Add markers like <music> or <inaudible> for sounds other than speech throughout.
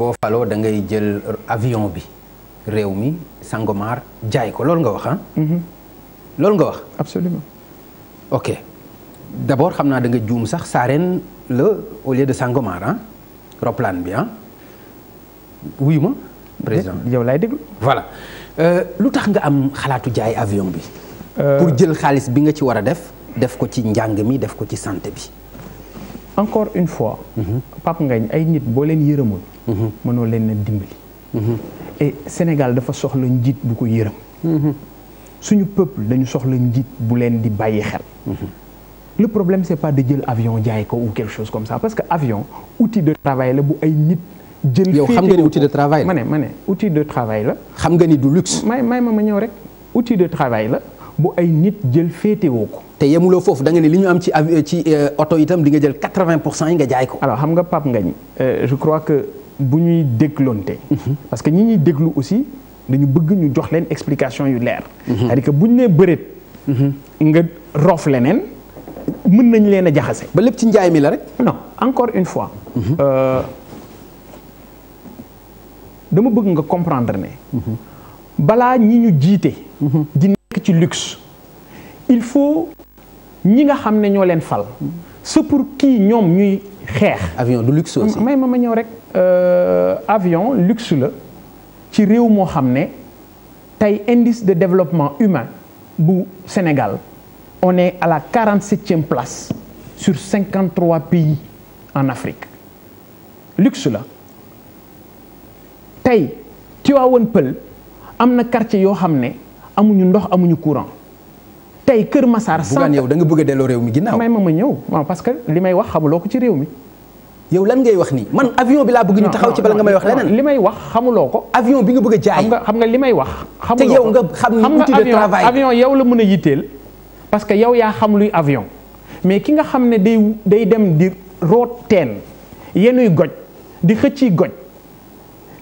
boo faloo da ngay jël avion bi réew mi Sangomar jaay ko loolu nga wax ah. Mhm. nga wax. absolument ok d'abord xam naa danga nga juum sax Sarène la au lieu de Sangomar ah roplaan bi ah wuyu ma. voilà euh, lu tax nga am xalaatu jaay avion bi. Euh. pour jël xaalis bi nga ci war a def. def ko ci njàng mi def ko ci santé bi. encore une fois. Pape Ngagne ay nit boo leen yërëmul. mënoo leen a dimbali. et Sénégal dafa soxla njiit bu ko yërëm. suñu peuple dañu soxla njiit bu leen di bàyyi xel. le problème c'est pas de jël avion jaay ko ou quelque chose comme ça parce que avion outil de travail la bu ay nit. jël yow xam nga ni outil de travail la ma ne ma ne outil de travail la. xam nga ni du luxe. may may ma ma ñëw rek outil de travail la bu ay nit jël féetewoo ko. te yemuloo foofu da nga ne li ñu am ci ci euh, oto itam di nga jël quatre-vingt cent yi nga jaay ko. alors xam nga Pape Ngagne euh, je crois que bu ñuy dégloonte. Mhm. parce que ñi ñuy déglu aussi dañu bëgg ñu jox leen explication yu leer. Mhm. cest que bu ñu nee bëreet. Mhm. nga roof leneen. mën nañ leen a jaxase. ba lépp ci njaay mi la rek. non encore une fois. Euh, dama bëgg nga comprendre ne. balaa ñi ñu jiite. di nekk ci luxe. il faut ñi nga xam ne ñoo leen fal c'est pour kii ñoom ñuy xeex. avion du luxe aussi may ma ma ñëw rek. Euh, avion luxe la ci réew moo xam ne tey indice de développement humain bu Sénégal on est à la quarante septième place sur cinquante trois pays en Afrique luxe la tey Tivaouane Peulh am na quartier yoo xam ne amuñu ndox amuñu courant. tey Kër Massar. Bougane yow da nga bëgg a delloo réew mi ginnaaw. may ma ma ñëw waaw parce li may wax xamuloo ko ci réew mi. yow lan ngay wax nii man avion bi laa bëgg ñu taxaw ci bala nga may wax leneen. li may wax xamuloo ko. avion bi nga bëgg a jaay xam nga xam nga li may wax. xamuloo ko te yow nga xam ni outil de travail avion yow la mën a yitteel. parce que yow yaa xam luy avion mais ki nga xam ne day day dem di root teen yenuy goj di xëcci goj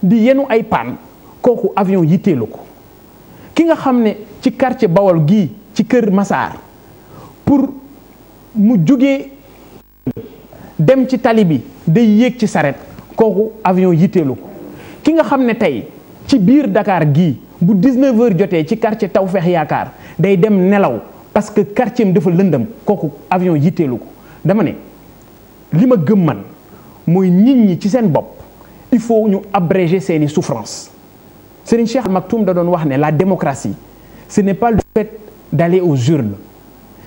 di yenu ay paan kooku avion yitteelu ko ki nga xam ne ci quartier Bawol gii. ci kër Massar pour mu jugee dem ci tali bi day yéeg ci saret kooku avion yitteelu ko ki nga xam ne tey ci biir dakaar gi bu 19h jotee ci quartier Tawfeex Yaakaar day dem nelaw parce que quartier am dafa lëndëm kooku avion yitteelu ko dama ne li ma gëm man mooy nit ñi ci seen bopp il faut ñu abréger seeni souffrance Serigne Cheikh Al Maktoum da doon wax ne la démocratie ce n'est d'aller aux urnes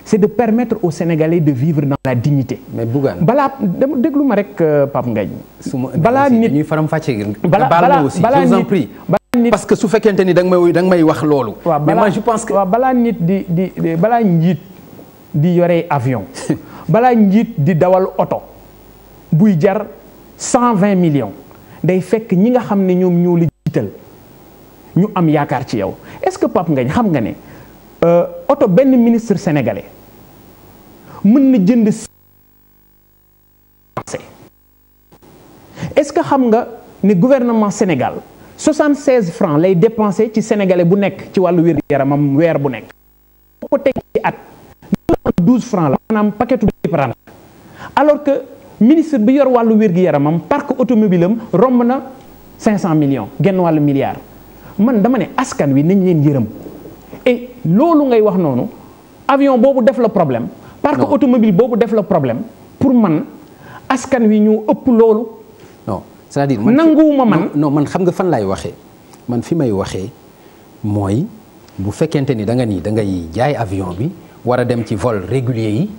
c'est de permettre au Sénégalais de vivre dans la dignité. mais Bougane balaa dama déglu ma rek euh, Pape Ngagne. su ma balaa nit ñuy faram fàcce balaa nit parce que su fekkente ni da nga may da nga may wax loolu. waaw mais moi je pense que. waaw balaa nit di di balaa njiit di yore avion <laughs> balaa njiit di dawal oto buy jar cent vingt millions day fekk ñi nga xam ne ñoom ñoo la jiital ñu am yaakaar ci yow est-ce que Pape ngañ xam nga ne. Euh, oto benn ministre sénégalais mën na jënd est-ce que xam nga ni gouvernement Sénégal 76 francs lay dépensé ci sénégalais bu nekk ci wàllu wér-yaramam weer bu nekk boo ko teg at 12 francs la maanaam paquetu différent alors que ministre bi yor wàllu wér-gi-yaramam parc automobile am romb na 500 millions genn wàllu milliard man dama ne askan wi nañ leen yërëm loolu ngay wax noonu avion boobu def la problème parce parc automobile boobu def la problème pour man askan wi ñu ëpp loolu non c'est-à-dire nanguwuma man non man xam nga fan laay waxee man fi may waxee mooy bu fekkente ni da nga ni da ngay jaay avion bi war a dem ci vol régulier yi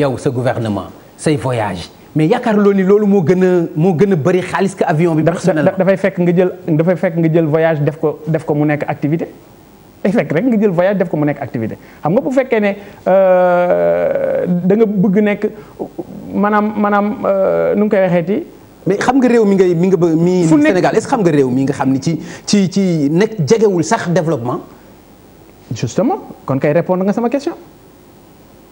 yow sa gouvernement say voyage mais yaakaar loo ni loolu moo gën a moo gën a bëri xaalis que avion bi personnellement dafay fekk nga jël dafay fekk nga jël voyage def ko def ko mu nekk activité day fekk rek nga jël voyage def ko mu nekk activité xam nga bu fekkee ne euh, da nga bëgg nekk maanaam maanaam euh, nu ngi koy waxeeti mais xam nga réew mi ngay mi nga ba mi Sénégal est réew mi nga xam ni ci ci ci nekk jegewul sax développement justement kon kay répondre nga sama question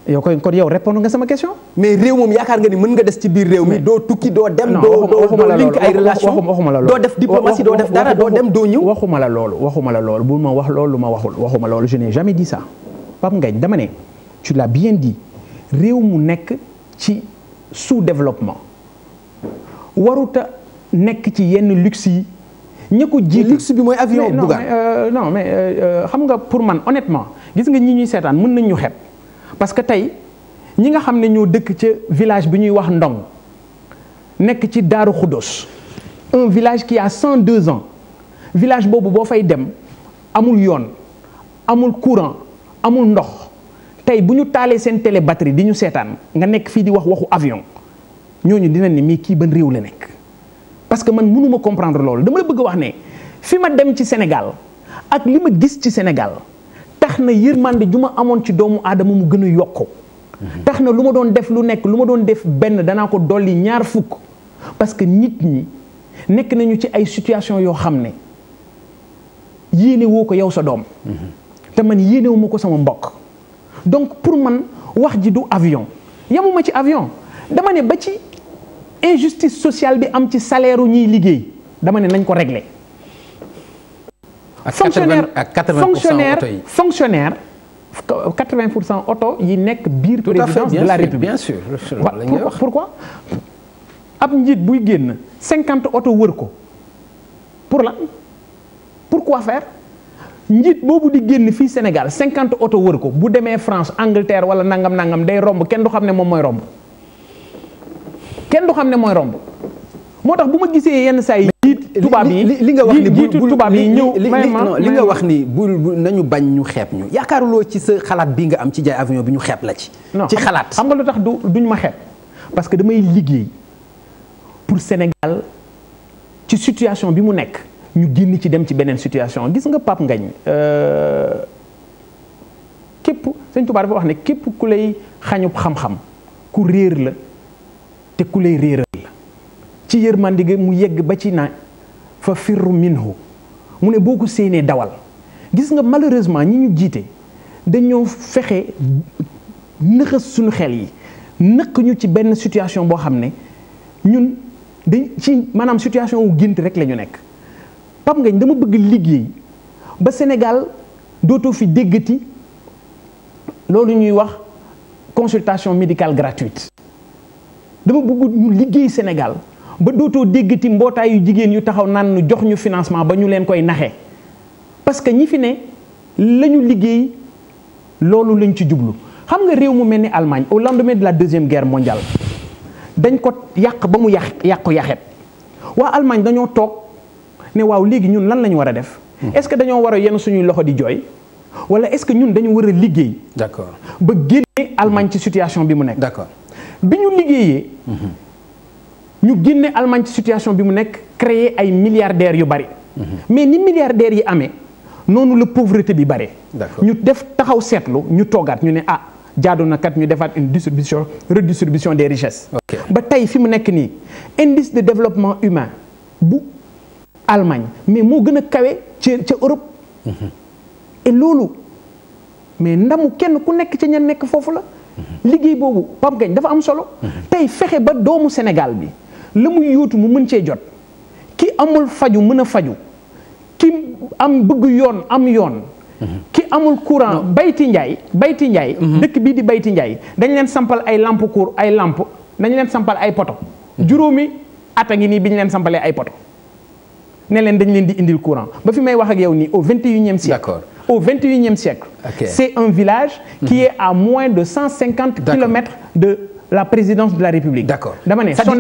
yow koy kon yow répondre nga sama question. mais réew moom yaakaar nga ni mën nga des ci biir réew mi doo tukki doo dem. doo doo link ay relation waxuma la loolu doo def diplomatie doo def dara doo dem doo ñëw. waxuma la loolu waxuma la loolu bu ma wax loolu ma waxul waxuma loolu je n'ai jamais dit ça Pape Ngagne dama ne tu l'as bien dit réew mu nekk ci sous-développement waruta nekk ci yenn luxe yi. ñi ko jiitu bi mooy avion. buga euh, non mais non euh, mais euh, xam nga pour man honnêtement gis nga ñi ñuy seetaan mën nañ ñu xeeb. parce que tey ñi nga xam ne ñoo dëkk ca village bi ñuy wax Ndong nekk ci Daaru Xudos un village qui a deux ans village boobu boo fay dem amul yoon amul courant amul ndox tey bu ñu taalee seen télé batterie di ñu seetaan nga nekk fii di wax waxu avion ñooñu dinañ ni mii kii ban réew la nekk. parce que man mënuma comprendre loolu dama la bëgg wax ne fi ma dem ci Sénégal ak li ma gis ci Sénégal. tax na yërmande ju ma amoon ci doomu aadama mu gën a yokk tax na lu ma doon def lu nekk lu ma doon def benn danaa ko dolli ñaar fukk parce que nit ñi nekk nañu ci ay situation yoo xam ne yéene woo ko yow sa doom te man yéenewuma ko sama mbokk donc pour man wax ji du avion yamuma ci avion dama ne ba ci injustice sociale bi am ci salaire ñuy liggéey dama ne nañ ko régler fonctionnaire fonctionnaire fonctionnaire 80 pour cent oto yi nekk biir présidence de la République bien sûr pourquoi ab njiit buy génn cinquante oto wër ko pour la pour pourquoi faire njiit boobu di génn fii Sénégal 50 oto wër ko bu demee France Angleterre wala nangam nangam day romb kenn du xam ne moom mooy romb kenn du xam ne mooy romb moo tax bu ma gisee yenn saa yi tubaab yi li nga wax ni jiitu tubaab yi ñëw li nga wax ni bu nañu bañ ñu xeeb ñu yaakaaruloo ci sa xalaat bi nga am ci jaay avion bi ñu xeeb la ci ci xalaat xam nga lu tax du duñ ma xeeb parce que damay liggéey pour Sénégal ci situation bi mu nekk ñu génn ci dem ci beneen situation gis nga Pape Ngagne euh, képp sëñ Tuubaa dafa wax ne képp ku lay xañub xam-xam ku réer la te ku lay réeral ci ci yërmande gi mu yegg ba ci na fa firru minhu mu ne boo ko séenee dawal gis nga malheureusement ñi ñu jiite dañoo fexe nëxas suñu xel yi nëkk ñu ci benn situation boo xam ne ñun dañ ci maanaam situation wu gént rek lañu nekk pam ngañ dama bëgg liggéey ba Sénégal dootoo fi déggati loolu ñuy wax consultation médicale gratuite dama bëgg liggéey Sénégal ba dootoo déggati mbootaayu jigéen yu taxaw naan nu jox ñu financement ba ñu leen koy naxee parce que ñi fi ne la liggéey loolu lañ ci jublu xam nga réew mu mel ni Allemagne au lendemain de la deuxième guerre mondiale dañ ko yàq ba mu yàq yàqu yaxet waa Allemagne dañoo toog ne waaw léegi ñun lan la ñu war a def. Hmm. est-ce que dañoo war a yenn suñuy loxo di jooy. wala est-ce que ñun dañu war a liggéey. d'accord ba génne Allemagne ci situation bi mu nekk. d'accord bi ñu liggéeyee. Hmm. ñu génne Allemagne ci situation bi mu nekk créer ay milliardaires yu bari. Mhm. mais ni milliardaires yi amee noonu la pauvreté bi bare. ñu def taxaw seetlu ñu toogaat ñu ne ah jaadu na kat ñu defaat une distribution redistribution des richesses. ba tey fi mu nekk nii indice de développement humain bu Allemagne mais moo gën a kawe ca ca Europe. Mhm. et loolu mais ndamu kenn ku nekk ca ña nekk foofu la. Mhm. liggéey boobu Pape Ngagne dafa am solo. tey fexe ba doomu Sénégal bi. la muy yóotu mu mën cee jot ki amul faju mën a faju ki am bëgg yoon am yoon mhm. ki amul courant bayti njaay bayti njaay mhm. dëkk bii di bayti njaay dañ leen sampal ay lamp cour ay lamp dañ leen sampal ay poto mhm. juróomi at a ngi nii bi ñu leen sampalee ay poto ne leen dañ leen di indil courant ba fi may wax ak yow nii au vingt et unième siècle au vingt et unième siècle okay. c'est un village qui est à moins de cent cinquante kilomètres de la présidence de la République d'accord dama ne